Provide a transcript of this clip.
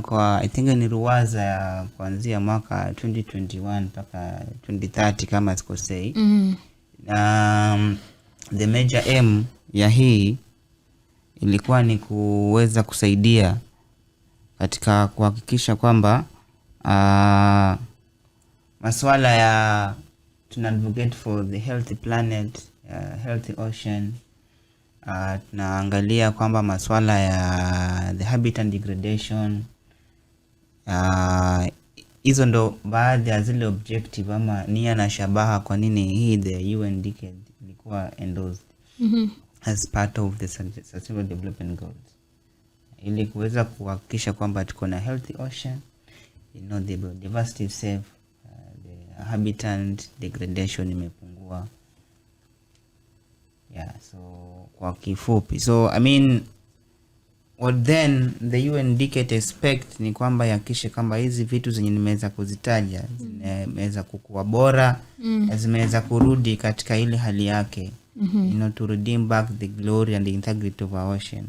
kwa I think ni ruwaza ya kuanzia mwaka 2021 mpaka 2030 kama sikosei. mm -hmm. Um, the major aim ya hii ilikuwa ni kuweza kusaidia katika kuhakikisha kwamba uh, masuala ya tuna advocate for the healthy planet, uh, healthy ocean uh, tunaangalia kwamba masuala ya the habitat degradation Ah, hizo uh, ndo baadhi ya zile objective ama nia na shabaha kwa nini hii the UN decade ilikuwa endorsed mm -hmm. as part of the sustainable development goals ili kuweza kuhakikisha kwamba tuko na healthy ocean you know, the biodiversity safe uh, the habitat degradation imepungua yeah so kwa kifupi so i mean Well, then the UNDC expect ni kwamba yakishe kwamba hizi vitu zenye nimeweza kuzitaja zimeweza kukua bora mm. zimeweza kurudi katika ile hali yake mm -hmm. you know, to redeem back the glory and the integrity of our ocean